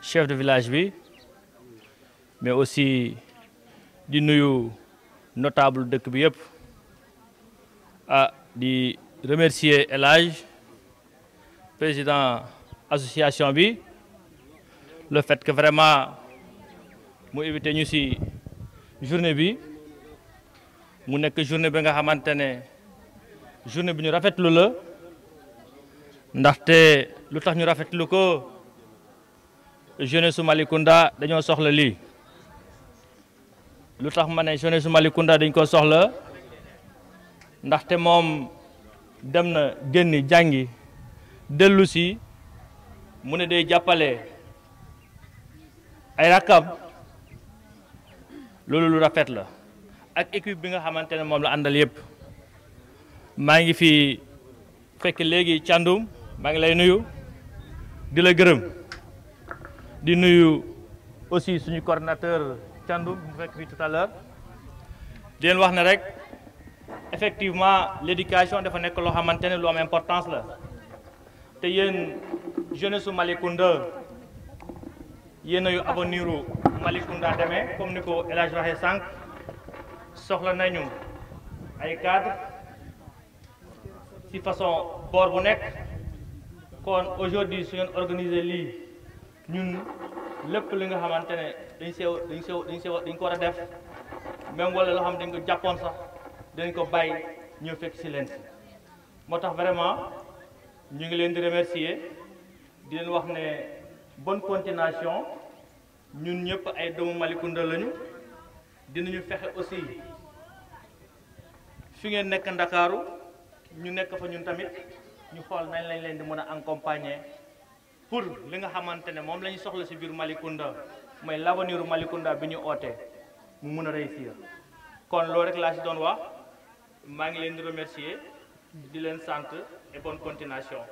chef de village bi mais aussi di nuyu notable dëkk bi yëpp ah di remercier El Hadj président association bi le fait que vraiment mu invité ñu si journée bi mu nekk journée bi nga xamante ne journée bi ñu rafetlu la ndaxte lu tax ñu rafetlu ko jeunesse su Malicounda dañoo soxla lii lu tax ma ne jeunesse su Malicounda dañ koo soxla ndaxte moom dem na génn jàngi dellu si mu ne day jàppale ay rakkam loolu lu rafet la ak équipe bi nga xamante ne moom la àndal yëpp maa ngi fi fekk léegi càndum maa ngi lay nuyu di la gërëm di nuyu aussi suñu coordinateur càndum bu fekk fii tout leen wax na rek effectivement l'éducation dafa nekk loo xamante ne lu am importance la te yéen jeunesse su Malicounda yéen ayu avenir u Malicounda demee comme ni ko El Hadj waxee sànq soxla nañu ay cadre ci façon boor bu nekk kon aujourd'hui su ngeen organiser lii ñun lépp li nga xamante ne dañ sew dañ sew dañ sew dañ ko war a def même wala loo xam dañ ko jàppoon sax dañ ko bàyyi ñëw fekk si leen moo tax vraiment ñu ngi leen di remercier di leen wax ne bonne continuation ñun ñëpp ay doomu Malicounda lañu dinañu fexe aussi fi ngeen nekk Ndakaaru ñu nekk fa ñun tamit ñu xool nañ lañ leen di mën a accompagner pour li nga xamante ne moom la ñu soxla si biir Malicounda mooy l'avenir Malicounda bi ñu ootee mu mun a réussir kon loolu rek laa si doon wax maa ngi leen di remercier di leen sant et bonne continuation